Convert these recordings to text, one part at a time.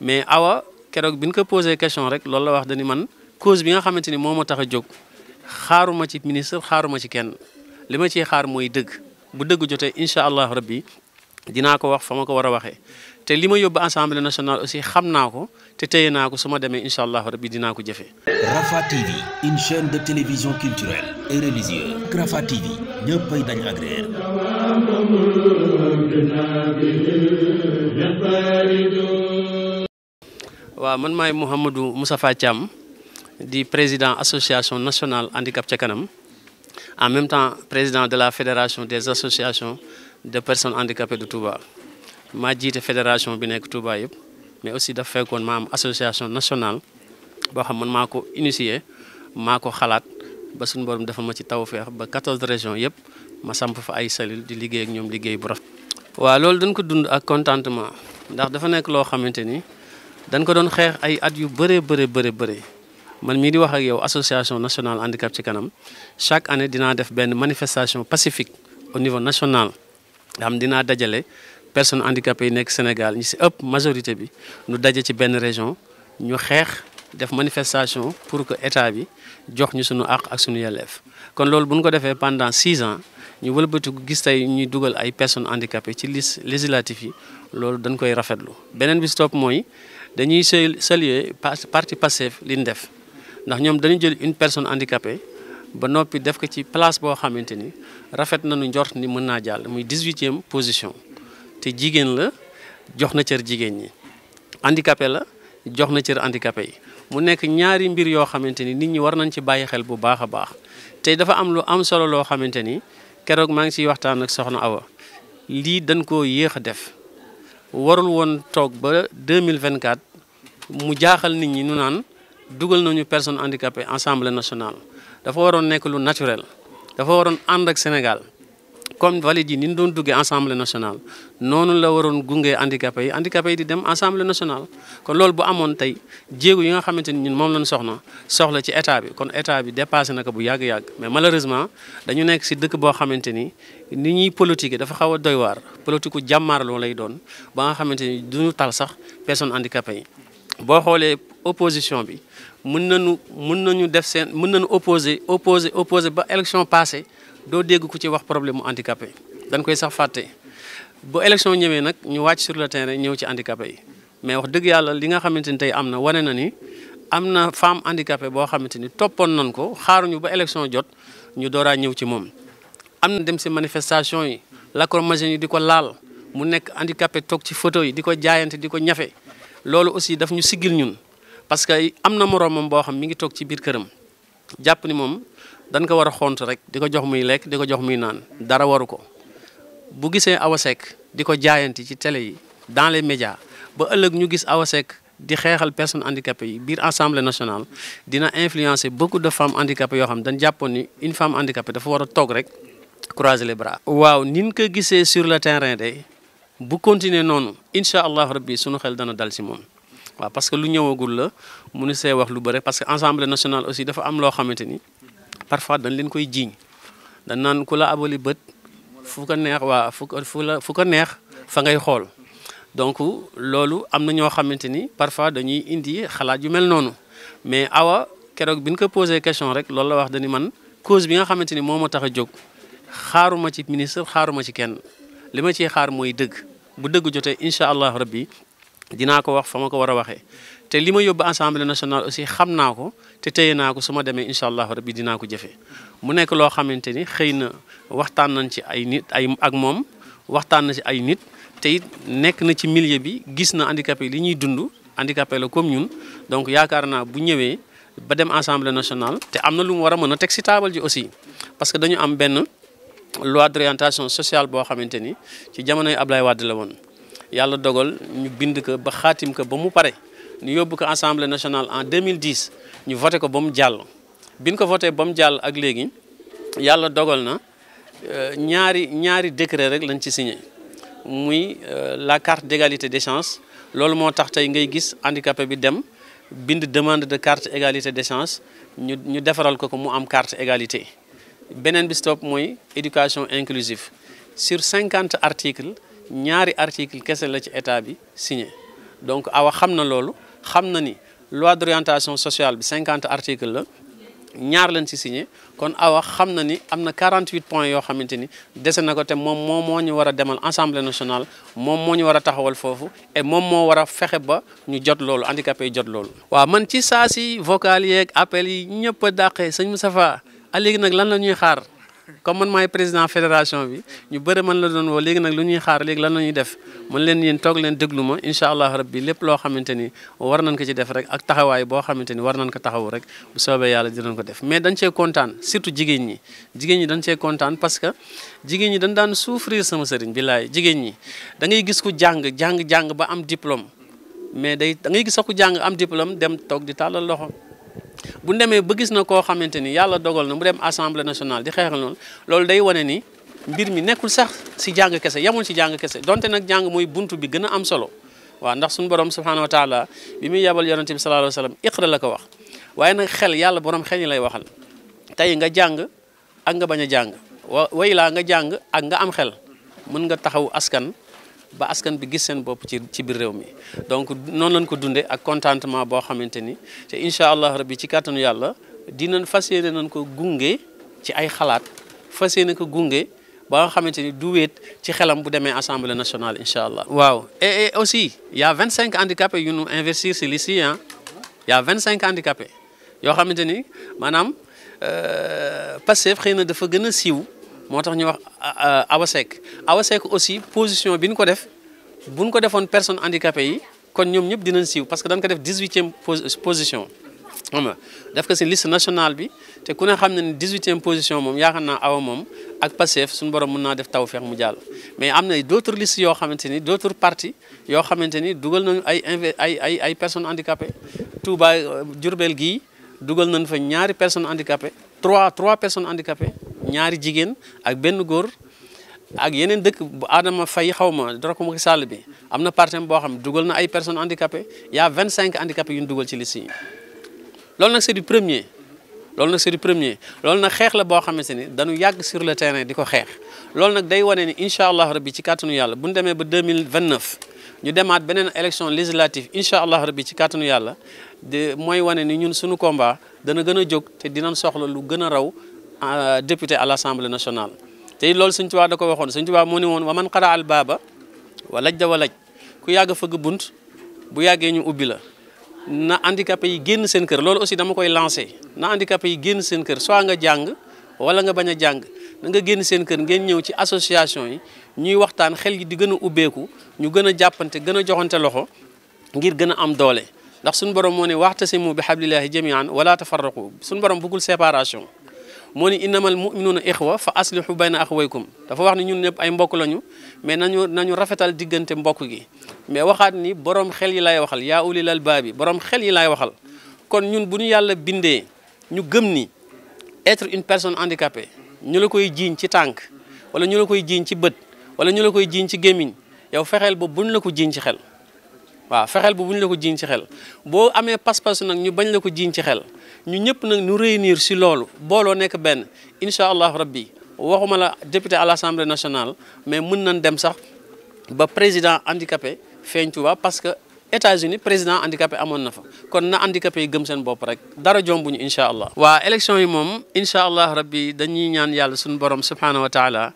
mais awa keroog bi ñu ko posé question rek loolu la wax dañu man cause bi nga xamante ni moo ma tax a jóg xaaruma ci ministre xaaruma ci kenn li ma ciy xaar mooy dëgg bu dëgg jotee incha allah rabbi dinaa ko wax fa ma ko war a waxee. te li ma yóbbu assemblée nationale aussi xam naa ko te téye naa ko su ma demee incha allah rabbi dinaa ko jëfee. Rafah de télévision culturelle et religieuse. Rafah TV waaw man maay Mouhamadou Moustapha Thiam di président association nationale handicap ca kanam en même temps président de la fédération des associations de personnes handicapées de Touba maa jiite fédération bi nekk Touba yëpp mais aussi daf fekkoon ma am association nationale boo xam man maa ko initié maa ko xalaat ba suñ borom dafa ma ci tawfeex ba 14 régions yëpp ma samp fa ay cellule di liggéey ak ñoom liggéey bu rafet. waaw loolu dañ ko dund ak contentement xamante ni. dañ ko doon xeex ay at yu bëree bëri bëri bëri man mii di wax ak yow association national handicap ci kanam chaque année dinaa def benn manifestation pacifique au niveau national nga xam dinaa dajale personnes handicapées yi nekk Sénégal ñi si ëpp majorité bi ñu daje ci benn région ñu xeex def manifestation pour que état bi jox ñu suñu àq ak suñu yelleef kon loolu bu ko defee pendant six ans ñu wëlbatiku gis tey ñuy dugal ay personnes handicapées ci liste législatif yi loolu dañ koy rafetlu beneen bi si mooy dañuy saluer parti Pastef li ñu def ndax ñoom dañu jël une personne handicapée ba noppi def ko ci place boo xamante ni rafet nañu njort ni mën naa jàll muy dix e position te jigéen la jox na cër jigéen ñi handicapé la jox na cër handicapé yi mu nekk ñaari mbir yoo xamante ni nit ñi war nañ ci bàyyi xel bu baax a baax te dafa am lu am loo xamante ni keroog maa ngi ciy waxtaan ak soxna Awa lii dañ koo yéex a def warul woon toog ba 2024 mu jaaxal nit ñi nu naan dugal nañu personne handicapée assemblée nationale dafa waroon nekk lu naturel dafa waroon ànd ak Sénégal comme valide yi ni ñu doon duggee assemblée nationale noonu la waroon gunge handicapé yi handicapé yi di dem assemblée nationale. kon loolu bu amoon tey jéego yi nga xamante ñun moom lañ soxna soxla ci état bi kon état bi dépassé na bu yàgg-yàgg mais malheureusement dañu nekk si dëkk boo xamante ni ñuy politique dafa xaw a doy waar politique lay doon ba nga xamante ni duñu tal sax personne handicapé yi boo xoolee opposition bi mën nañu mën nañu def seen doo dégg ko ci wax problème mu handicapé dañ koy sax fàtte bu élection ñëwee nag ñu wàcc sur le terrain ñëw ci handicapé yi mais wax dëgg yàlla li nga xamante ni tey am na wane na ni am na femme handicapée boo xamante ni toppoon nañ ko xaaruñu ba élection jot ñu dooraa ñëw ci moom. am na dem si manifestation yi lacrymogène yi di ko laal mu nekk handicapé toog ci photo yi di ko jaayante di ko ñafe loolu aussi daf ñu siggil ñun parce que am na moroomam boo xam mi ngi toog ci biir këram jàpp ni moom. dañ ko war a xont rek di ko jox muy lekk di ko jox muy naan dara waru ko bu gisee Awa Seck di ko jaayanti ci télé yi dans le médias ba ëllëg ñu gis Awa Seck di xeexal personnes handicapées yi biir assemblée national dina influencer beaucoup de fem handicapées yoo xam dañ jàppoon ni une femme handicapée dafa war a toog rek croiser les bras. waaw nin ko gisee sur le terrain de bu continuer noonu incha allah rabbi sunu xel dana dal si moom. waaw parce que lu ñëwagul la wax lu bëri parce que assemblée nationale aussi dafa am loo ni. parfois dañ leen koy jiiñ dañ naan ku la abali bët fu ko neex waa fu ko la fu neex fa ngay xool donc loolu am na ñoo xamante ni parfois dañuy indi xalaat yu mel noonu mais awa keroog bi ñu ko posé question rek loolu la wax dañu man cause bi nga xamante ni moo tax a jóg xaaruma ci ministre xaaruma ci kenn li ma ciy xaar mooy dëgg bu dëgg jotee incha allah rabbi dinaa ko wax fa ma ko war a waxee te li ma yóbbu assemblée nationale aussi xam naa ko te téye naa ko su ma demee incha allah rabbi dinaa ko jëfee mu nekk loo xamante ni xëy na waxtaan nañ ci ay nit ay ak moom waxtaan na ci ay nit te nekk na ci millier bi gis na handicapé yi li ñuy dund handicapé la comme ñun donc yaakaar naa bu ñëwee ba dem assemblée national te am na lu mu war a mën a teg si taabal ji aussi parce que dañu am benn loi d'orientation sociale boo xamante ni ci jamonoy Ablaye Wade la woon yàlla dogal ñu bind ko ba xaatim ko ba mu pare ñu yóbbu ko assemblée national en 2010 ñu voté ko ba mu jàll. bi ñu ko voté ba mu jàll ak léegi yàlla dogal na euh, ñaari ñaari décret rek lañ ci signé muy euh, la carte d'égalité des chances loolu moo tax tey ngay gis handicapé bi dem bind demande de carte égalité de chances ñu ñu defaral ko ko mu am carte égalité. beneen bi stop mooy éducation inclusive sur cinquante articles ñaari articles kese la ci état bi signé donc awa xam na loolu. xam na ni loi d'orientation sociale bi cinquante article la ñaar lañ ci signé kon awa xam na ni am na 48 points yoo xamante ni dese na ko te moom moo moo ñu war a demal assemblée nationale moom moo ñu war a taxawal foofu et moom moo war a fexe ba ñu jot loolu handicapé yi jot loolu. waaw man ci saa si vocal yeeg appel yi ñëpp a dàqee sëñ Moustapha léegi nag lan la ñuy xaar. comme man maay président fédération bi ñu bëri man la doon woo léegi nag lu ñuy xaar léegi lan la ñuy def man leen yéen toog leen déglu ma incha allah rabbi lépp loo xamante ni war nañ ko ci def rek ak taxawaay boo xamante ni war nañ ko taxawu rek bu soobee yàlla dinañ ko def mais dañ cee kontaan surtout jigéen ñi jigéen ñi dañ cee kontaan parce que jigéen ñi dañ daan souffrir sama sëriñ billaay jigéen ñi da ngay gis ku jàng jàng jàng ba am diplôme mais day da ngay gis ku jàng am diplôme dem toog di tàllal loxo bu ñu demee ba gis na koo xamante ni yàlla dogal na mu dem assemblée nationale di xeexal noonu loolu day wane ni mbir mi nekkul sax si jàng kese yemul si jàng kese donte nag jàng mooy bunt bi gën a am solo waa ndax suñu borom subhanahu wa taala bi muy yabal yonente bi sallallahu alayhi la ko wax waaye nag xel yàlla borom xel yi lay waxal tey nga jàng ak nga bañ a jàng wa way laa nga jàng ak nga am xel mën nga taxaw askan ba askan bi gis seen bopp ci ci biir réew mi donc noonu lañ ko dundee ak contentement boo xamante ni te incha allah rabbi ci kàttanu yàlla dinañ fas yéene nan ko gunge ci ay xalaat fas yéene ko gunge ba nga xamante ni du wéet ci xelam bu demee assemblée nationale incha allah. waaw et aussi vingt cinq 25 handicapés yu nu investir si li si vingt y' a 25 yoo xamante ni maanaam euh, Pastef xëy na dafa gën a siiw. moo tax ñu wax euh, euh, Awa Seck Awa Seck aussi position bi ñu ko def bu ñu ko defoon personne handicapé yi kon ñoom ñëpp dinañ siiw parce que dañ ko def dix-huitième euh, position xam nga def ko si liste national bi te ku ne xam ne ne dix-huitième position moom yaakaar naa awa moom ak Pastef suñu borom mën naa def taw feex mu jàll mais am na d'autres listes yoo xamante ni d'autres partis yoo xamante ni dugal nañu ay ay ay ay personnes handicapées Touba Diourbel gii dugal nañ fa ñaari personnes handicapées trois trois personnes handicapées ñaari jigéen ak benn góor ak yeneen dëkk bu Adama Faye xaw ma dara ko ma sàll bi am na partenaire boo xam ne dugal na ay personnes handicapées y vingt cinq handicapés yu ñu dugal ci liste yi loolu nag c'est du premier loolu nag c'est premier loolu nag xeex la boo xamante ni dañu yàgg sur le terrain di ko xeex loolu nag day wane ni incha allah rabbi ci kàttanu yàlla bu ñu demee ba 2029 ñu demaat beneen élection législative incha allah rabbi ci kàttanu yàlla de mooy wane ni ñun suñu komba dana gën a jóg te dinañ soxla lu gën a raw Euh, député à l' assemblée nationale tey loolu Sëñ Tuubaa da waxoon Sëñ Tuubaa mu ne woon wa man xara baaba wa laj ku yàgg fëgg bunt bu yàggee ñu ubbi la na handicapé yi génn seen kër loolu aussi dama koy lancé na handicapé yi génn seen kër soit nga jàng wala nga bañ a jàng na nga génn seen kër ngeen ñëw ci association yi ñuy waxtaan xel yi di gën a ubbeeku ñu gën a jàppante gën a joxante loxo ngir gën a am doole ndax suñu borom moo ne waxtasimu bi hablillahi jamian wala tafarraqu suñu borom bëggul séparation moo ni innamal muminuuna ixwa fa aslihu bayna axwaykum dafa wax ni ñun ñëpp ay mbokk lañu mais nañu nañu rafetal diggante mbokk gi mais waxaat ni borom xel yi laay waxal yaa baa bi borom xel yi laay waxal kon ñun bu ñu yàlla bindee ñu gëm ni être une personne handicapée ñu la koy jiiñ ci tànk wala ñu la koy jiiñ ci bët wala ñu la koy jiiñ ci gémmiñ yow fexeel ba buñ la ko jiiñ ci xel waaw fexeel bu buñ la ko jiiñ ci xel boo amee pas-pas nag ñu bañ la ko jiiñ ci xel ñu ñëpp nag ñu réunir si loolu booloo nekk benn incha allah rabbi waxuma la député à l' assemblée nationale mais mun nan dem sax ba président handicapé feeñ Touba parce que États-Unis président handicapé amoon na fa kon na handicapé yi gëm seen bopp rek dara jombuñu incha allah. waa élection yi moom incha allah rabbi dañuy ñaan yàlla suñu borom subhanahu wa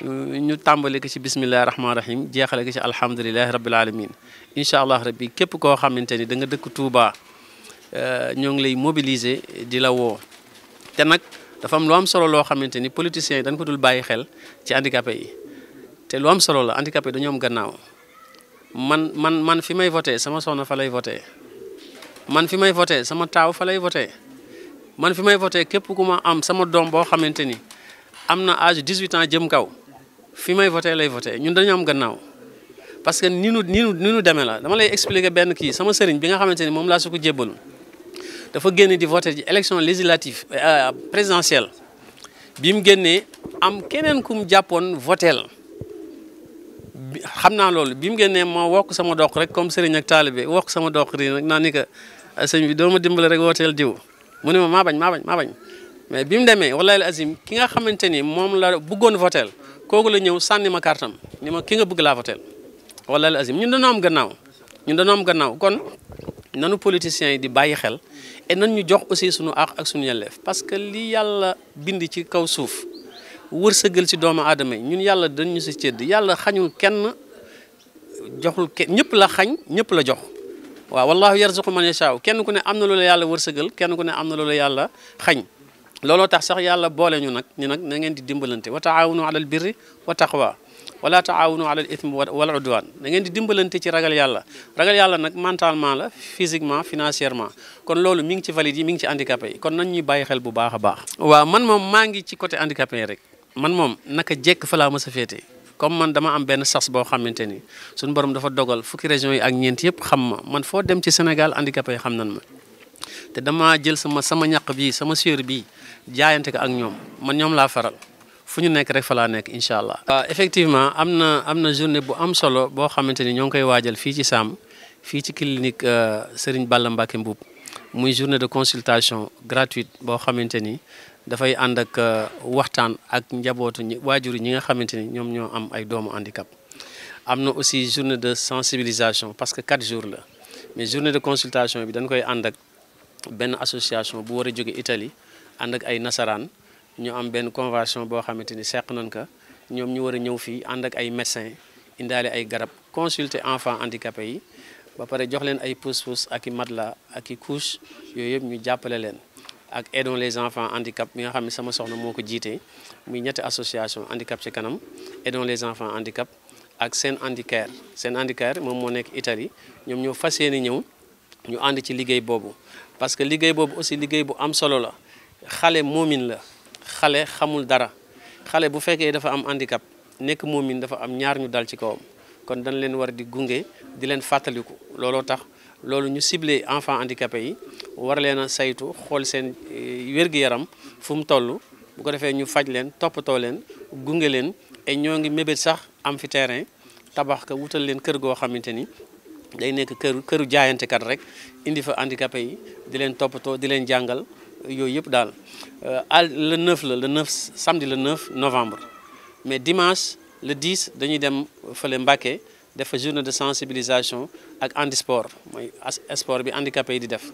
ñu tàmbale ko ci bisimillahi rahmaani rahim jeexale ko ci alhamdulilahi rabbil alamin incha allah rabbi képp koo xamante ni da nga dëkk Touba euh, ñoo ngi lay mobiliser di la woo te nag dafa lu am solo loo xamante ni politiciens yi dañ ko dul bàyyi xel ci handicapé yi te lu am solo la handicapé yi dañoo am gannaaw man man man fi may voté sama soxna fa lay voté man fi may vote sama taaw fa lay voté man fi may voté képp ku ma am sama doom boo xamante ni am na âge 18 ans jëm kaw fi may voté lay voté ñun dañu am gannaaw parce que ni nu ni nu ni la dama lay expliquer benn kii sama sëriñ bi nga xamante ni moom laa su ko jébbalu dafa génne di voté ci élection législative euh, présidentielle bi mu génnee am keneen ku mu jàppoon voté la xam naa loolu bi mu génnee moo wokk sama doq rek comme sëriñ ak taalibe wokk sama doq ri nag naa ni que euh, sëñ bi doo ma dimbale rek wooteel diw mu ne ma maa bañ maa bañ maa bañ mais bi mu demee wallaahi azim ki nga xamante ni moom la bëggoon votel kooku la ñëw sànni ma kàrtam ni ma ki nga bëgg laa voteel wala al azim ñun am gannaaw ñun dañoo am gannaaw kon nanu politiciens yi di bàyyi xel et nan ñu jox aussi suñu àq ak suñu yelleef parce que li yàlla bind ci kaw suuf wërsëgal si doomu aadama yi ñun yàlla dañu si cëdd yàlla xañul kenn joxul kenn ñëpp la xañ ñëpp la jox waaw wallahu yarzuqu man yashaa kenn ku ne am na loola yàlla wërsëgal kenn ku ne am na loola yàlla xañ looloo tax sax yàlla boole ñu nag ñu nag na ngeen di dimbalante wa taawunu alal birri wa taqwa wala taawunu alal ithmi wal udwan na di dimbalante ci ragal yàlla ragal yàlla nag mentalement la physiquement financièrement kon loolu mi ngi ci valide yi mi ngi ci handicapé kon nañ ñuy bàyyi xel bu baax a baax waaw man moom maa ngi ci côté handicapé yi rek man moom naka jekk fa laa mës a féete man dama am benn sas boo xamante ni suñu borom dafa dogal fukki régions yi ak ñeent yëpp xam ma man foo dem ci Sénégal handicapé yi xam nan ma te dama jël sama sama ñaq bii sama sueur bii jaayante ko ak ñoom man ñoom laa faral fu ñu nekk rek fa laa nekk incha allah. Ah, effectivement am na am na journée bu am solo boo xamante ni ñoo ngi koy waajal fii ci Sàmm fii ci clinique euh, Serigne Balla Mbacké Mbuub muy journée de consultation gratuite boo xamante ni dafay ànd ak euh, waxtaan ak njabootu ñi waajur ñi nga xamante ni ñoom ñoo am ay doomu handicap. am na aussi journée de sensibilisation parce que quatre jour la mais journée de consultation bi dañ koy ànd ak. benn association bu war a jóge Italie ànd ak ay nasaraan ñu am benn convention boo xamante ni seq nañ ko ñoom ñu war a ñëw fii ànd ak ay médecins indaale ay garab consulter enfants handicapés yi ba pare jox leen ay pousse-pousse ak i matelas ak i couche yooyu yëpp ñu jàppale leen ak aidons les enfants handicap bi nga xam ne sama soxla moo ko jiitee muy ñetti association handicap ci kanam aidons les enfants handicap ak seen handicare seen handicare moom moo nekk Italie ñoom ñoo fas yéene ñëw ñu ànd ci liggéey boobu parce que liggéey boobu aussi liggéey bu am solo la xale moomin la xale xamul dara xale bu fekkee dafa am handicap nekk moomin dafa am ñaar ñu dal ci kawam kon dañ leen war di gunge di leen fàttaliku looloo tax loolu ñu ciblé enfant handicapé yi war leen a saytu xool seen eh, wér-gu-yaram fu mu toll bu ko defee ñu faj leen toppatoo leen gunge leen et ñoo ngi mébét sax am fi terrain tabax ka wutal leen kër goo xamante ni day nekk këru këru jaayantekat rek indi fa handicapé yi di toppatoo di leen jàngal yooyu yëpp daal euh, al le 9 la le 9 samedi le 9 novembre mais dimanche le 10 dañuy dem fële Mbacké def fa de sensibilisation ak handisport mooy sport bi handicapé di def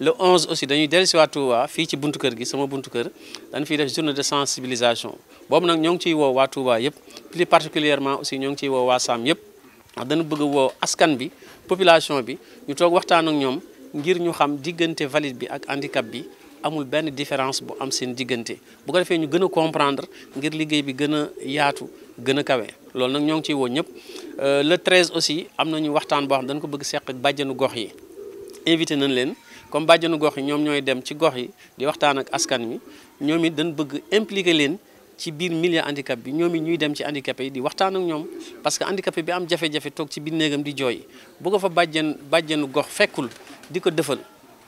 le 11 aussi dañuy dellusiwaat Touba fii ci buntu kër gi sama buntu kër dañ fii def journée de sensibilisation boobu nag ñoo ngi ciy woo waa Touba yëpp plus particulièrement aussi ñoo ngi ciy woo waa Sam yëpp ndax dana bëgg woo askan bi population bi ñu toog waxtaan ak ñoom ngir ñu xam diggante valide bi ak handicap bi amul benn différence bu am seen diggante bu ko defee ñu gën a comprendre ngir liggéey bi gën a yaatu gën a kawe loolu nag ñoo ngi ciy woo ñëpp euh, le 13 aussi am nañu waxtaan boo xam dañ ko bëgg seq ak bàjjanu gox yi invité nañ leen comme bàjjanu gox yi ñoom ñooy dem ci gox yi di waxtaan ak askan wi ñoom it dañ bëgg impliqué leen ci biir milieu handicap bi ñoom it ñuy dem ci handicapé yi di waxtaan ak ñoom parce que handicapé bi am jafe-jafe toog ci biir néegam di jooy bu fa bàjjen bàjjenu gox fekkul di ko dëfal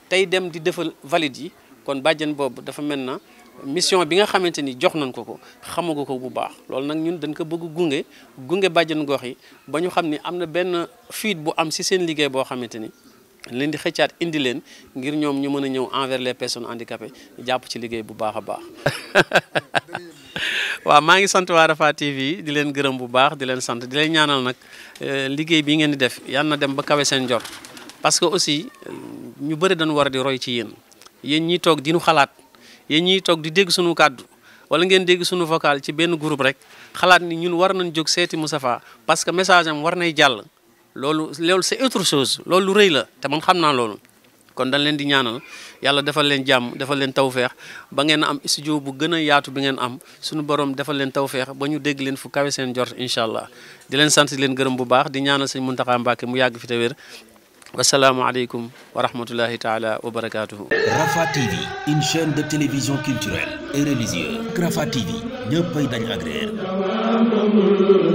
tey dem di dëfal valide yi kon bàjjen boobu dafa mel na mission bi nga xamante ni jox nañ ko ko xamagu ko bu baax loolu nag ñun dañ ko bëgg gunge gunge bàjjen gox yi ba ñu xam ni am na benn fuite bu am si seen liggéey boo xamante ni leen di xëccaat indi leen ngir ñoom ñu mën a ñëw envers les personnes handicapées jàpp ci liggéey bu baax a baax waaw maa ngi sant waa Rafah TV di leen gërëm bu baax di leen sant di leen ñaanal nag euh, liggéey bi ngeen di def yal na dem ba kawe seen jot parce que aussi ñu bëri danu war a di roy ci yéen yéen ñiy toog di xalaat yéen ñiy toog di dégg suñu kàddu wala ngeen dégg sunu vocal ci benn groupe rek xalaat ni ñun war nañ jóg seeti Moustapha parce que message am war nay jàll loolu loolu c'est autre chose loolu lu rëy la te man xam naa loolu kon dañ leen di ñaanal yàlla defal leen jàmm defal leen tawfeex ba ngeen am studio bu gën a yaatu bi ngeen am suñu borom defal leen tawfeex ba ñu dégg leen fu kawe seen jort incha allah di leen sant leen gërëm bu baax di ñaanal sëñ Muntaxa mbaake mu yàgg fi te wér wasalaamualeykum wa rahmatullahi taala wa de télévision culturelle et